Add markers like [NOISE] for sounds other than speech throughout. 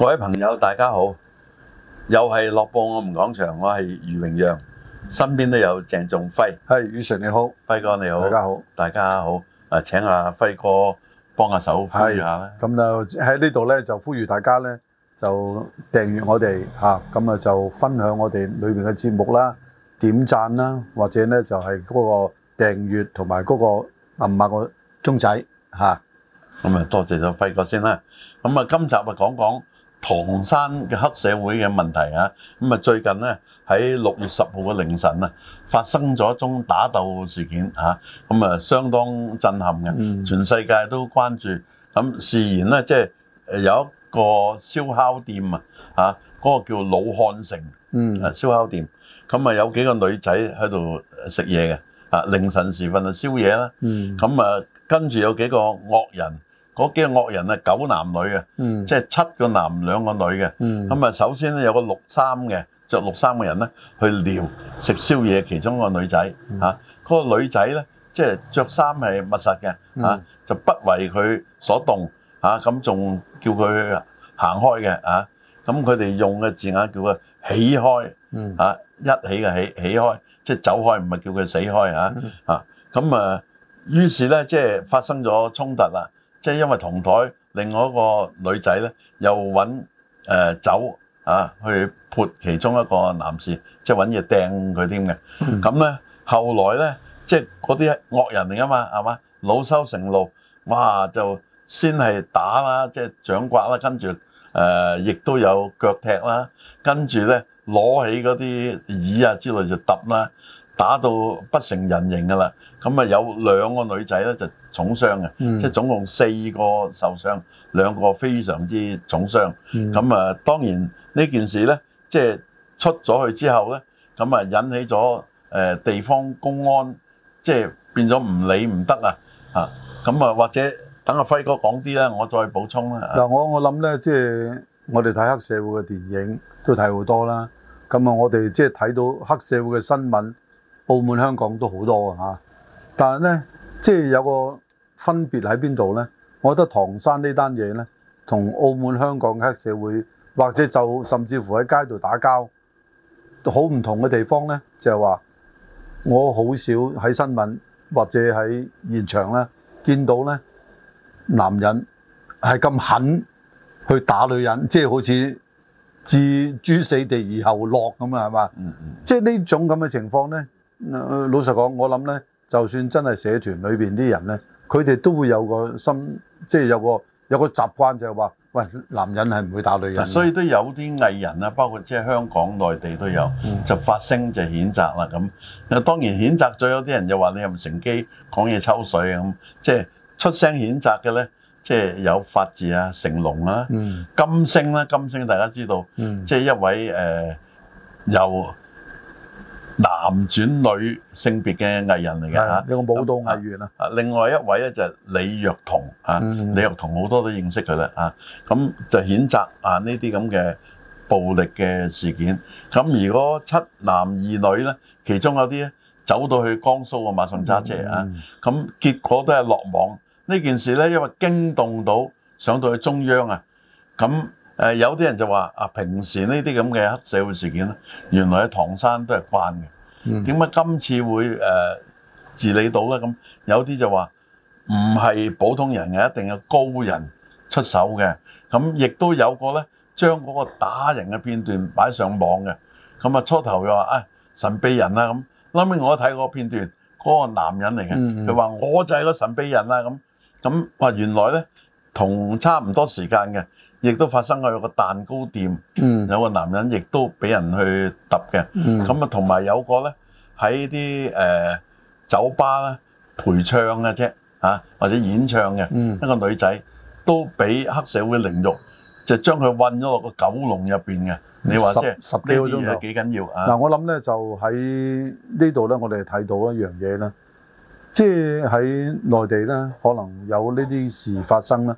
各位朋友，大家好！又係樂報我們講場，我係余榮讓，身邊都有鄭仲輝。係余 Sir 你好，輝哥你好，大家好，大家好。誒，請阿輝哥幫下手呼啊，咁就喺呢度咧，就呼籲大家咧，就訂閱我哋吓，咁啊就分享我哋裏邊嘅節目啦，點讚啦、啊，或者咧就係嗰個訂閱同埋嗰個撳下個鐘仔吓。咁啊，就多謝咗輝哥先啦。咁啊，今集啊講講。唐山嘅黑社會嘅問題啊，咁啊最近咧喺六月十號嘅凌晨啊，發生咗一宗打鬥事件啊，咁啊相當震撼嘅，全世界都關注。咁事緣咧，即係誒有一個燒烤店啊，嚇、那、嗰個叫老漢城嗯啊燒烤店，咁啊有幾個女仔喺度食嘢嘅啊，凌晨時分就宵夜啦，咁、嗯、啊跟住有幾個惡人。嗰幾個惡人啊，九男女嘅，嗯，即係七個男兩個女嘅。咁、嗯、啊，首先咧有個綠衫嘅，着綠衫嘅人咧去撩食宵夜，其中一個女仔嚇，嗰、嗯啊嗰個女仔咧即係着衫係密實嘅啊，就不為佢所動，啊，咁仲叫佢行開嘅，啊，咁佢哋用嘅字眼叫佢起開嚇、啊，一起嘅起，起開，即係走開，唔係叫佢死開嚇嚇。咁啊，啊，於是咧即係發生咗衝突啦。即係因為同枱另外一個女仔咧，又揾誒酒啊去潑其中一個男士，即係揾嘢掟佢添嘅。咁、嗯、咧後來咧，即係嗰啲惡人嚟噶嘛，係嘛？老羞成怒，哇就先係打啦，即係掌摑啦，跟住誒亦都有腳踢啦，跟住咧攞起嗰啲椅啊之類就揼啦。打到不成人形㗎啦！咁啊有兩個女仔咧就重傷嘅，即係總共四個受傷，兩個非常之重傷。咁啊當然呢件事咧，即係出咗去之後咧，咁啊引起咗誒地方公安即係變咗唔理唔得啊！啊咁啊或者等阿輝哥講啲咧，我再補充啦。嗱，我我諗咧，即係我哋睇黑社會嘅電影都睇好多啦。咁啊，我哋即係睇到黑社會嘅新聞。澳門、香港都好多㗎嚇，但係咧，即係有個分別喺邊度咧？我覺得唐山呢單嘢咧，同澳門、香港嘅黑社會或者就甚至乎喺街度打交，好唔同嘅地方咧，就係話我好少喺新聞或者喺現場咧見到咧男人係咁狠去打女人，即係好似自朱死地而後落咁啊，係嘛？嗯嗯，即係呢種咁嘅情況咧。老實講，我諗呢，就算真係社團裏邊啲人呢，佢哋都會有個心，即係有個有個習慣，就係話：喂，男人係唔會打女人的。所以都有啲藝人啦，包括即係香港內地都有，就發聲就譴責啦咁。當然譴責咗，有啲人就話你又唔乘機講嘢抽水咁，即係出聲譴責嘅呢，即係有法治啊，成龍啊，嗯、金星啦、啊，金星大家知道，即係一位誒又。呃有男轉女性別嘅藝人嚟嘅嚇，有個舞蹈藝員啊。另外一位咧就係李若彤啊，李若彤好多都認識佢啦，咁就譴責啊呢啲咁嘅暴力嘅事件。咁如果七男二女咧，其中有啲走到去江蘇啊，馬上揸車啊，咁結果都係落網。呢件事咧，因為驚動到上到去中央啊，咁。誒有啲人就話啊，平時呢啲咁嘅黑社會事件咧，原來喺唐山都係慣嘅，點、嗯、解今次會誒、呃、治理到咧？咁有啲就話唔係普通人嘅，是一定係高人出手嘅。咁亦都有個咧，將嗰個打人嘅片段擺上網嘅。咁啊初頭又話啊、哎、神秘人啦、啊、咁，後尾我睇嗰個片段，嗰、嗰個男人嚟嘅，佢、嗯、話、嗯、我就係個神秘人啦、啊、咁。咁話原來咧同差唔多時間嘅。亦都發生過有個蛋糕店、嗯，有個男人亦都俾人去揼嘅，咁啊同埋有個咧喺啲誒酒吧咧陪唱嘅啫、啊，或者演唱嘅、嗯、一個女仔都俾黑社會凌辱，就將佢韞咗落個九龍入面嘅。你話即係十幾鐘都幾緊要啊？嗱，我諗咧就喺呢度咧，我哋睇到一樣嘢啦，即係喺內地咧，可能有呢啲事發生啦。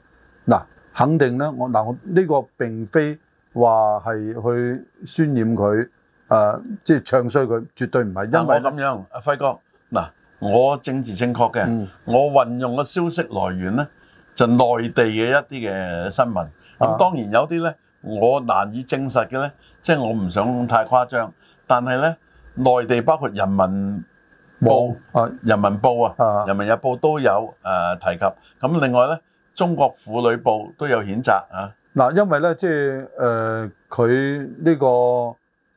嗱、啊。肯定咧，我嗱我呢個並非話係去渲染佢，誒、呃，即係唱衰佢，絕對唔係，因為咁、啊、樣阿輝哥嗱、啊，我政治正確嘅、嗯，我運用嘅消息來源咧就內地嘅一啲嘅新聞，咁當然有啲咧、啊、我難以證實嘅咧，即、就、係、是、我唔想太誇張，但係咧內地包括人民報，啊、人民報啊、人民日報都有誒、呃、提及，咁另外咧。中國婦女報都有譴責啊！嗱，因為咧，即係誒，佢、呃、呢個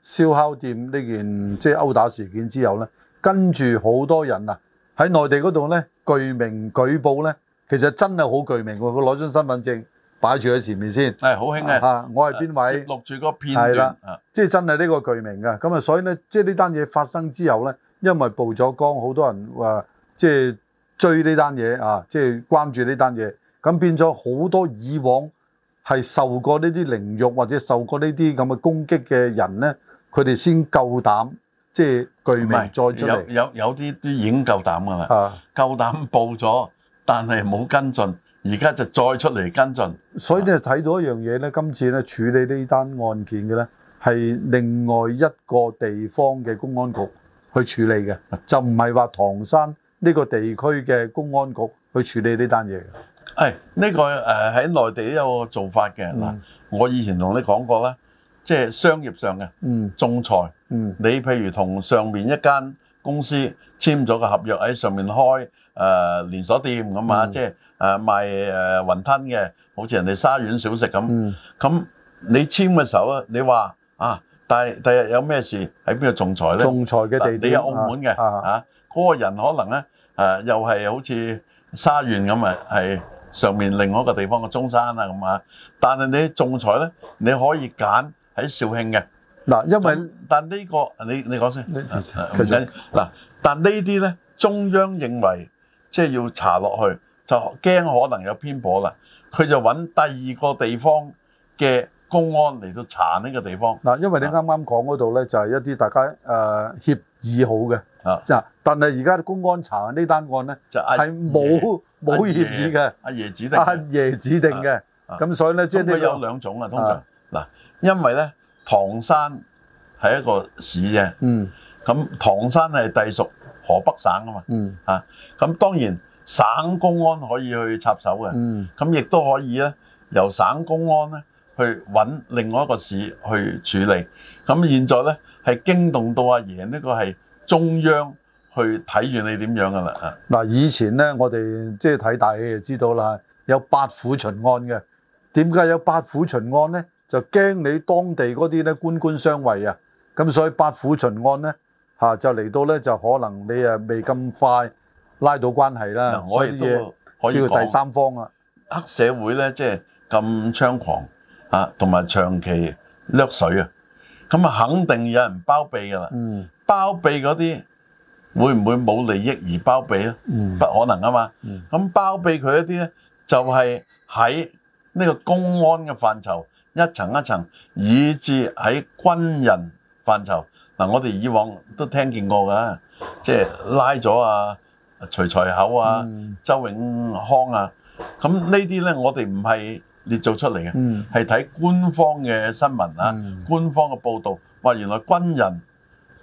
燒烤店呢件即係毆打事件之後咧，跟住好多人啊喺內地嗰度咧具名舉報咧，其實真係好具名，佢攞張身份證擺住喺前面先，係好興啊吓，我係邊位？錄住個片段係啦，即係、就是、真係呢個具名嘅，咁啊，所以咧，即係呢單嘢發生之後咧，因為報咗光，好多人話即係追呢單嘢啊，即、就、係、是啊就是、關注呢單嘢。咁變咗好多，以往係受過呢啲凌辱或者受過呢啲咁嘅攻擊嘅人呢，佢哋先夠膽即係具名再出嚟。有有有啲啲已經夠膽㗎喇，夠膽報咗，但係冇跟進，而家就再出嚟跟進。所以你睇到一樣嘢呢，今次呢處理呢單案件嘅呢係另外一個地方嘅公安局去處理嘅，就唔係話唐山呢個地區嘅公安局去處理呢單嘢。係呢個誒喺內地都有個做法嘅嗱，我以前同你講過啦，即係商業上嘅仲裁，你譬如同上面一間公司簽咗個合約喺上面開誒連鎖店咁啊，即係誒賣誒雲吞嘅，好似人哋沙縣小食咁，咁你簽嘅時候咧，你話啊，但係第日有咩事喺邊度仲裁咧？仲裁嘅地你有澳門嘅，吓嗰個人可能咧誒又係好似沙縣咁啊係。上面另外一個地方嘅中山啊咁啊，但係你仲裁咧，你可以揀喺肇慶嘅。嗱，因為但呢、呢個你你講先，唔緊，嗱，但呢啲呢啲咧中央認為即係要查落去，就驚可能有偏頗啦。佢就揾第二個地方嘅公安嚟到查呢個地方。嗱，因為你啱啱講嗰度咧，就係一啲大家誒、呃、協議好嘅。啊！但係而家公安查呢單案咧，就係冇冇意義嘅，阿爺指定，阿爺指定嘅，咁、啊、所以咧即係呢有兩種啊。通常嗱，因為咧唐山係一個市啫。嗯，咁唐山係隸屬河北省啊嘛，嗯，嚇、啊、咁當然省公安可以去插手嘅，嗯，咁亦都可以咧由省公安咧去揾另外一個市去處理。咁現在咧係驚動到阿爺呢個係。中央去睇住你點樣噶啦啊！嗱，以前咧，我哋即係睇大戲就知道啦，有八府巡按嘅。點解有八府巡按咧？就驚你當地嗰啲咧官官相衛啊！咁所以八府巡按咧吓，就嚟到咧就可能你誒未咁快拉到關係啦。嗯、我所以我亦都可以啊。第三方黑社會咧即係咁猖狂啊，同埋長期掠水啊，咁啊肯定有人包庇噶啦。嗯。包庇嗰啲會唔會冇利益而包庇咧，嗯？不可能啊嘛。咁、嗯、包庇佢一啲咧，就係喺呢個公安嘅範疇，一層一層，以至喺軍人範疇。嗱、嗯嗯，我哋以往都聽見過㗎，即係拉咗啊，徐才厚啊，嗯、周永康啊。咁呢啲咧，我哋唔係列做出嚟嘅，係、嗯、睇官方嘅新聞啊，嗯、官方嘅報道，話原來軍人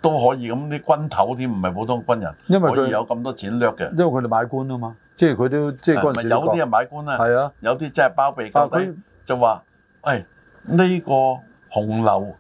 都可以咁，啲軍頭添，唔係普通軍人，可以有咁多錢掠嘅。因為佢哋買官啊嘛，即係佢都即係嗰陣時有啲人買官啊。係啊，有啲真係包庇。包庇就話，誒呢個紅樓，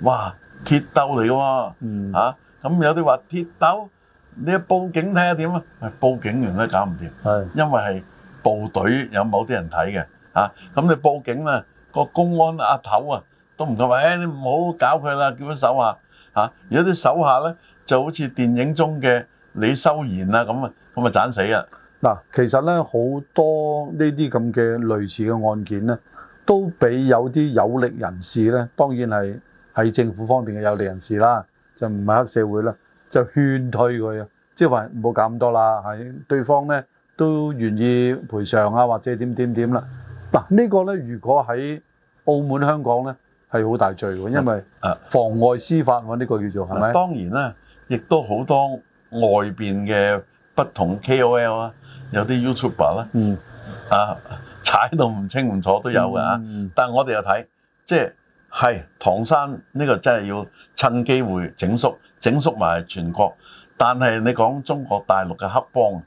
哇鐵鬥嚟㗎喎嚇！咁有啲話鐵鬥，你報警睇下點啊？報警員都搞唔掂，係因為係部隊有某啲人睇嘅嚇。咁你報警啦，個公安阿頭啊都唔同話，誒你唔好搞佢啦，叫啲手下。嚇、啊！如果啲手下咧，就好似電影中嘅李修賢啦咁啊，咁啊斬死啊！嗱，其實咧好多呢啲咁嘅類似嘅案件咧，都俾有啲有力人士咧，當然係係政府方面嘅有力人士啦，就唔係黑社會啦，就勸退佢啊，即係話唔好搞咁多啦。係對方咧都願意賠償啊，或者點點點啦。嗱、啊，這個、呢個咧如果喺澳門、香港咧。係好大罪喎，因為誒妨礙司法我呢、啊呢個叫做係咪？當然啦，亦都好多外邊嘅不同 K O L 啊，有啲 YouTuber 啦，嗯啊踩到唔清唔楚都有嘅、嗯、但係我哋又睇，即係係唐山呢個真係要趁機會整縮，整縮埋全國。但係你講中國大陸嘅黑幫，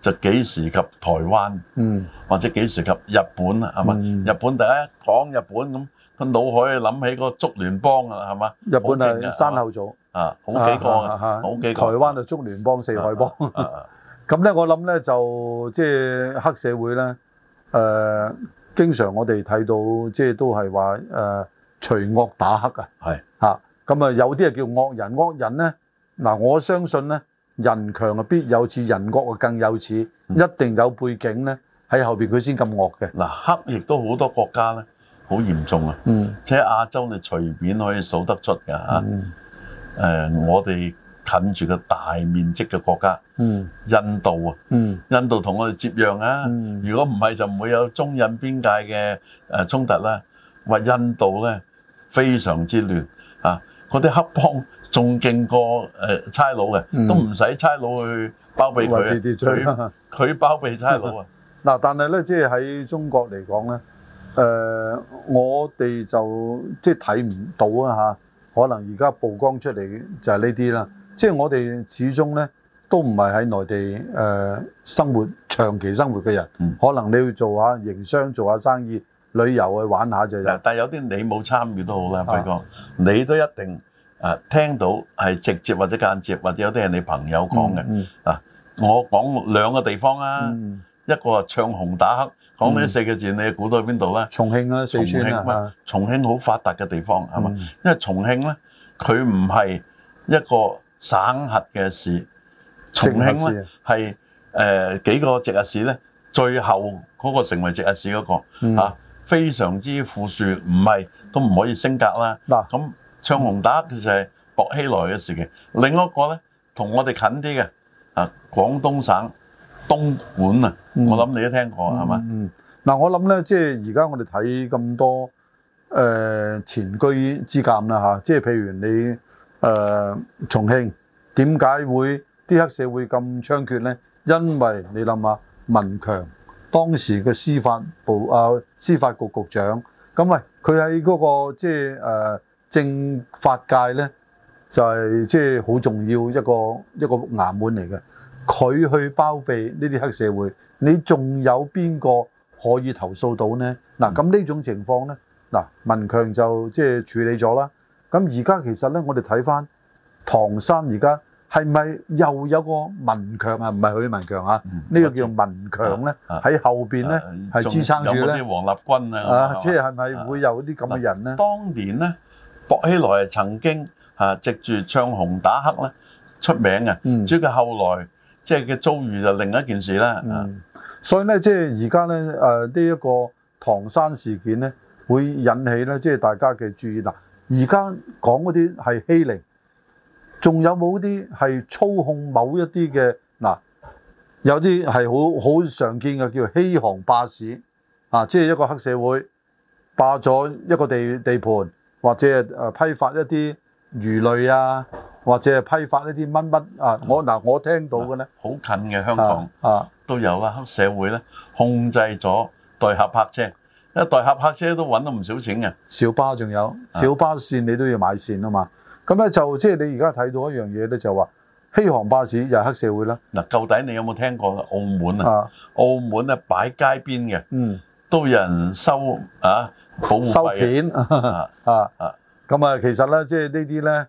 就幾時及台灣？嗯，或者幾時及日本啦？係嘛、嗯？日本第一講日本咁。個腦海諗起個竹聯幫啊，係嘛？日本係山口組啊，好幾個啊，啊，啊，好幾個、啊啊啊、台灣就竹聯幫、啊，四海幫。咁、啊、咧， [LAUGHS] 啊啊、我諗咧就即係、就是、黑社會咧，誒、呃，經常我哋睇到即係、就是、都係話誒除惡打黑啊。咁啊，有啲係叫惡人，惡人咧嗱，我相信咧，人強啊必有恃，人惡啊更有恃、嗯，一定有背景咧喺後面佢先咁惡嘅。嗱、啊，黑亦都好多國家咧。好嚴重啊！即係亞洲，你隨便可以數得出㗎嚇、啊嗯呃。我哋近住個大面積嘅國家、嗯，印度啊，嗯、印度同我哋接壤啊。嗯、如果唔係，就唔會有中印邊界嘅誒衝突啦、啊。話印度咧非常之亂啊，嗰啲黑幫仲勁過誒差佬嘅，都唔使差佬去包庇佢，佢包庇差佬啊。嗱、 [LAUGHS] 嗯，但係咧，即係喺中國嚟講咧。誒、呃，我哋就即係睇唔到啊！吓可能而家曝光出嚟嘅就係呢啲啦。即係我哋始終咧都唔係喺內地誒、呃、生活長期生活嘅人、嗯，可能你要做下營商、做下生意、旅遊去玩下就係、是。但係有啲你冇參與都好啦，輝哥，你都一定誒聽到係直接或者間接，或者有啲係你朋友講嘅、嗯嗯。啊，我講兩個地方啊、嗯，一個係唱紅打黑。講呢四個字，嗯、你估到喺邊度咧？重慶啊，四川啊嘛。重慶好、啊、發達嘅地方係嘛、嗯？因為重慶咧，佢唔係一個省轄嘅市，市，重慶咧係誒幾個直轄市咧，最後嗰個成為直轄市嗰、那個、嗯啊、非常之富庶，唔係都唔可以升格啦。嗱、啊，咁唱紅打其實係薄熙來嘅事嘅。另一個咧同我哋近啲嘅啊，廣東省。東莞啊，我諗你都聽過係嘛？嗱、嗯嗯嗯嗯，我諗咧，即係而家我哋睇咁多誒、呃、前居之格啊吓，即係譬如你誒、呃、重慶點解會啲黑社會咁猖獗咧？因為你諗下，文強當時嘅司法部啊，司法局局長咁、嗯、喂，佢喺嗰個即係誒、呃、政法界咧，就係即係好重要一個一個衙門嚟嘅。佢去包庇呢啲黑社會，你仲有邊個可以投訴到呢？嗱，咁呢種情況呢？嗱，文強就即係處理咗啦。咁而家其實呢，我哋睇翻唐山而家係咪又有個文強啊？唔係許文強啊？呢個叫文強咧，喺後邊咧係支撐住咧。有冇啲王立軍啊？啊，即係係咪會有啲咁嘅人咧？當年呢，薄熙來係曾經啊藉住唱紅打黑咧出名啊！只不過後來。即係嘅遭遇就另一件事啦，啊！所以咧，即係而家咧，誒呢一個唐山事件咧，會引起咧，即係大家嘅注意啦。嗱，而家講嗰啲係欺凌，仲有冇啲係操控某一啲嘅？嗱，有啲係好好常見嘅，叫欺行霸市啊！即係一個黑社會霸咗一個地地盤，或者係誒批發一啲魚類啊。或者係批發呢啲乜乜啊！我嗱，我聽到嘅咧，好、啊、近嘅香港啊，啊都有啊！黑社會咧控制咗代客泊車，一代客泊車都揾到唔少錢嘅。小巴仲有、啊、小巴線，你都要買線啊嘛。咁咧就即係你而家睇到一樣嘢咧，就話、是、欺行霸市又係黑社會啦。嗱、啊，到底你有冇聽過澳門啊，啊澳門咧擺街邊嘅，嗯，都有人收啊保護費，收片啊，咁啊、啊、啊、啊、啊、啊，其實咧即係呢啲咧。就是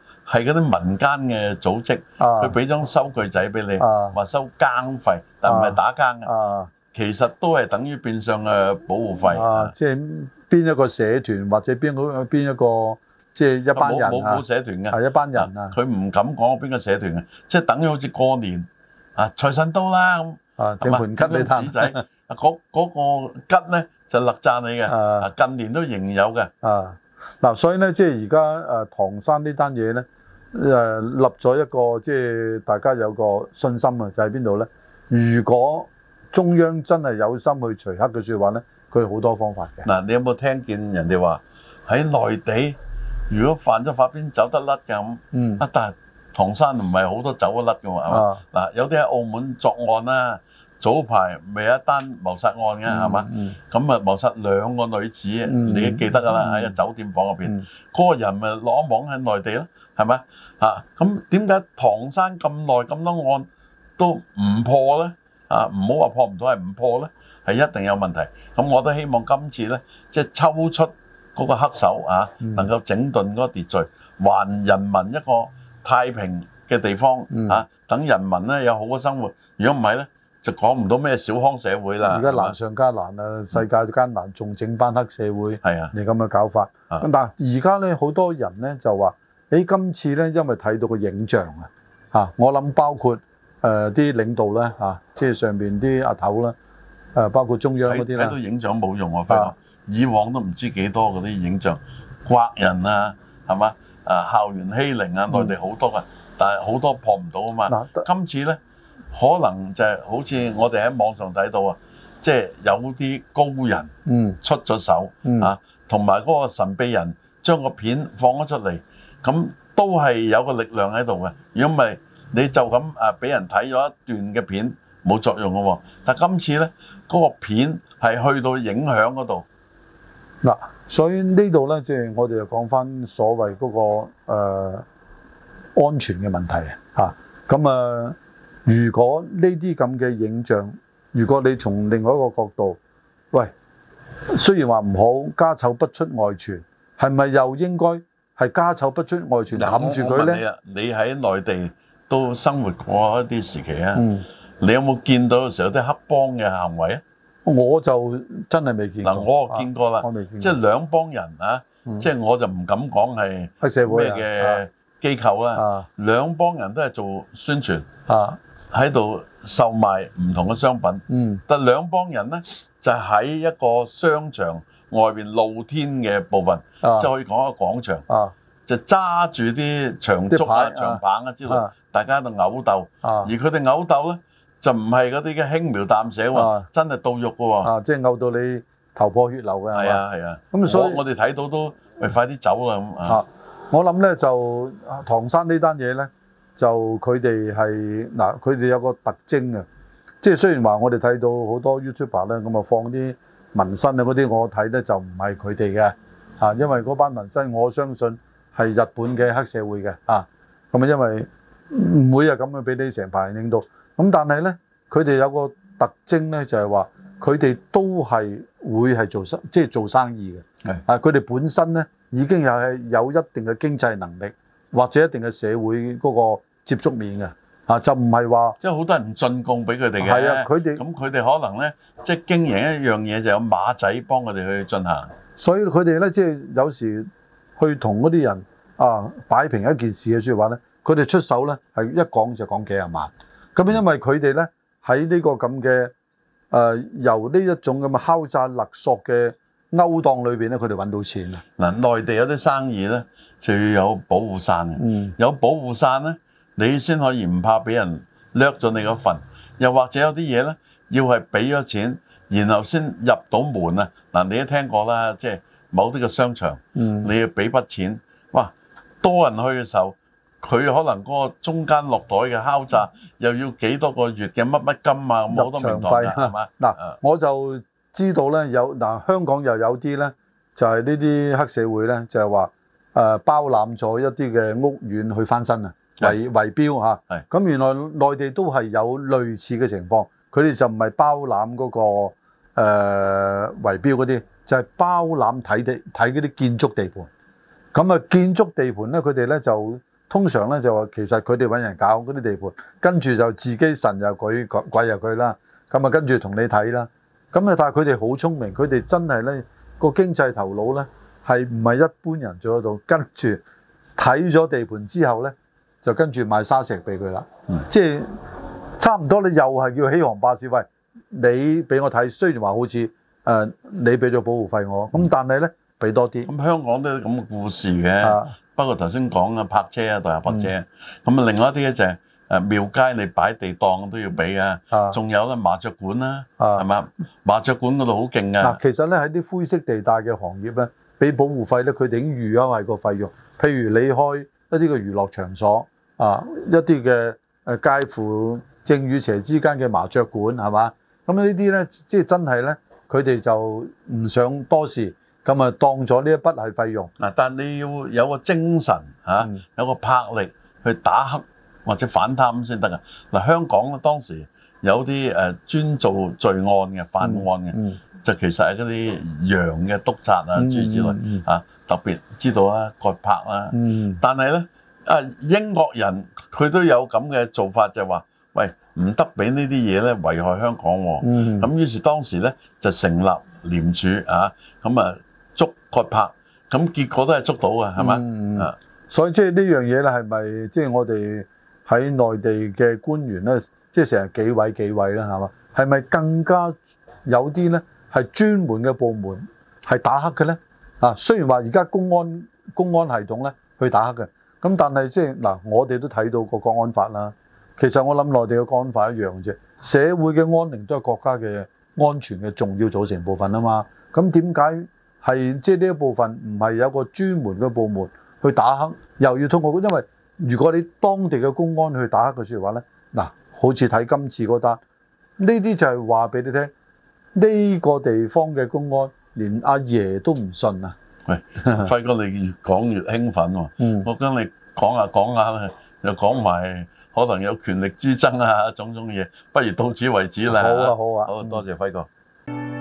係嗰啲民間嘅組織，佢俾張收據仔俾你，話收更費，但唔係打更嘅，其實都係等於變相嘅保護費。啊，即係邊一個社團或者邊個邊一個，即係一班人嚇。冇冇冇社團嘅，係一班人啊。佢唔敢講邊個社團嘅，即係等於好似過年啊，財神到啦咁啊，正盤吉利探仔，嗰嗰個吉咧就立贊你嘅。啊，近年都仍有嘅。啊，嗱，所以咧，即係而家誒唐山呢單嘢咧。誒立咗一個即係大家有個信心啊！就喺邊度咧？如果中央真係有心去除黑嘅說話咧，佢好多方法嘅。嗱，你有冇聽見人哋話喺內地，如果犯咗法，邊走得甩咁？嗯，但係唐山唔係好多走得甩㗎嘛，係嘛？嗱、啊，有啲喺澳門作案啦。早排咪有一單謀殺案嘅，係嘛、嗯？咁啊謀殺兩個女子，嗯、你都記得㗎啦，喺、嗯、個酒店房入面，嗰、嗯嗰個人咪攞網喺內地咯。係咪？啊咁點解唐山咁耐咁多案都唔破咧？啊，唔好話破唔到係唔破咧，係一定有問題。咁我都希望今次咧，即係抽出嗰個黑手啊，能夠整頓嗰個秩序，還人民一個太平嘅地方啊。等人民咧有好嘅生活。如果唔係咧，就講唔到咩小康社會啦。而家難上加難啊！世界都艱難，仲整班黑社會。係啊，你咁嘅搞法。咁但係而家咧，好多人咧就話。你今次咧，因為睇到個影像啊，我諗包括誒啲領導咧嚇，即係上面啲阿頭啦，包括中央嗰啲咧，喺影像冇用啊，譬如以往都唔知幾多嗰啲影像刮人啊，係嘛？誒校園欺凌啊，內地好多啊、嗯，但係好多破唔到啊嘛。今、嗯、次咧，可能就係好似我哋喺網上睇到啊，即、就、係、是、有啲高人出嗯出咗手啊，同埋嗰個神秘人將個片放咗出嚟。咁都係有個力量喺度嘅。如果唔係，你就咁啊俾人睇咗一段嘅片，冇作用嘅喎。但係今次咧，嗰個片係去到影響嗰度。嗱，所以呢度咧，即係我哋就講翻所謂嗰個誒安全嘅問題啊。咁啊，如果呢啲咁嘅影像，如果你從另外一個角度，喂，雖然話唔好家醜不出外傳，係咪又應該？係家醜不出外傳，冚住佢咧。你喺內地都生活過一啲時期啊？你有冇見到成日啲黑幫嘅行為啊？我就真係未見。嗱，我見過啦，我未見。即係兩幫人啊，即係我就唔敢講係黑社會嘅機構啊。兩幫人都係做宣傳，喺度售賣唔同嘅商品。但兩幫人咧就喺一個商場。外邊露天嘅部分，即、啊、係可以講一個廣場，啊、就揸住啲長竹啊，啊、長棒之後啊之類，大家喺度毆鬥。啊、而佢哋毆鬥咧，就唔係嗰啲嘅輕描淡寫喎、啊，真係到肉嘅喎，即係毆到你頭破血流嘅。係啊係啊，咁、啊啊、所以我哋睇到都咪快啲走啦咁。嚇，我諗咧、啊啊、就唐山這件事呢單嘢咧，就佢哋係嗱，佢哋有一個特徵啊。即、就、係、是、雖然話我哋睇到好多 YouTuber 咧，咁啊放啲。紋身啊嗰啲我睇咧，就唔係佢哋嘅嚇，因為嗰班紋身我相信係日本嘅黑社會嘅嚇，咁啊因為唔會啊咁樣俾你成排領導，咁但係咧佢哋有個特徵咧就係話佢哋都係會係做生即係做生意嘅，啊佢哋本身咧已經又係有一定嘅經濟能力或者一定嘅社會嗰個接觸面嘅。就不是是啊，就唔係話即係好多人進貢俾佢哋嘅，係啊，佢哋咁佢哋可能咧，即、就、係、是、經營一樣嘢就有馬仔幫佢哋去進行，所以佢哋咧即係有時去同嗰啲人啊擺平一件事嘅說話咧，佢哋出手咧係一講就講幾廿萬，咁、嗯、因為佢哋咧喺呢這個咁嘅誒由呢一種咁嘅敲詐勒索嘅勾當裏面，咧，佢哋揾到錢啊！嗱，內地有啲生意咧就要有保護傘嘅，有保護傘咧。你先可以唔怕俾人掠咗你個份，又或者有啲嘢咧，要係俾咗錢，然後先入到門啊！嗱，你都聽過啦，即係某啲嘅商場，你要俾筆錢，嗯，哇！多人去嘅時候，佢可能嗰個中間落袋嘅敲詐，又要幾多個月嘅乜乜金啊，冇好多名堂係嘛？嗱，我就知道咧，有嗱香港又有啲咧，就係呢啲黑社會咧，就係話誒包攬咗一啲嘅屋苑去翻身。啊！圍圍標嚇，咁原來內地都係有類似嘅情況，佢哋就唔係包攬嗰、那個誒、呃、圍標嗰啲，就係、是、包攬睇地睇嗰啲建築地盤。咁啊，建築地盤咧，佢哋咧就通常咧就話其實佢哋揾人搞嗰啲地盤，跟住就自己神入佢，鬼入佢啦。咁啊，跟住同你睇啦。咁啊，但係佢哋好聰明，佢哋真係咧個經濟頭腦咧係唔係一般人做得到。跟住睇咗地盤之後咧。就跟住買沙石俾佢啦，即係差唔多你又係叫欺行霸市喂，你俾我睇，雖然話好似誒、呃、你俾咗保護費我，咁、嗯、但係咧俾多啲。咁、嗯、香港都有咁嘅故事嘅、嗯。不過頭先講啊，泊車啊，代客泊車。咁、嗯、啊，另外一啲咧就係、是、廟、呃、街你擺地檔都要俾啊。仲有咧麻雀館啦，係嘛、啊？麻雀館嗰度好勁㗎。嗱、啊，其實咧喺啲灰色地帶嘅行業咧，俾保護費咧，佢哋已經預咗係個費用。譬如你開。一啲嘅娛樂場所啊，一啲嘅誒介乎正與邪之間嘅麻雀館係嘛？咁呢啲咧，即係、就是、真係咧，佢哋就唔想多事，咁啊當咗呢一筆係費用嗱。但你要有個精神嚇，有個魄力去打黑或者反貪先得㗎嗱。香港當時有啲誒專做罪案嘅犯案嘅。嗯嗯就其實係嗰啲洋嘅督察啊，諸之類、嗯嗯、啊，特別知道啦，葛柏啦。但係咧，啊英國人佢都有咁嘅做法，就話、是：喂，唔得俾呢啲嘢咧，危害香港、啊。咁、嗯、於是當時咧就成立廉署啊，咁啊捉葛柏。咁、啊、結果都係捉到嘅，係嘛啊？所以即係呢樣嘢咧，係咪即係我哋喺內地嘅官員咧，即係成日紀委、紀委啦，係嘛？係咪更加有啲咧？係專門嘅部門，係打黑嘅呢。啊，雖然話而家公安公安系統呢去打黑嘅，咁但係即係嗱，我哋都睇到個國安法啦。其實我諗內地嘅國安法一樣啫。社會嘅安寧都係國家嘅安全嘅重要組成部分啊嘛。咁點解係即係呢一部分唔係有個專門嘅部門去打黑，又要通過？因為如果你當地嘅公安去打黑嘅說話呢，嗱、啊，好似睇今次嗰單，呢啲就係話俾你聽。呢、這個地方嘅公安，連阿爺都唔信啊！ [LAUGHS] 喂，輝哥，你越講越興奮喎。嗯，我跟你講下講下，又講埋，可能有權力之爭啊，種種嘢，不如到此為止啦。好啊，好啊，好多謝輝哥。嗯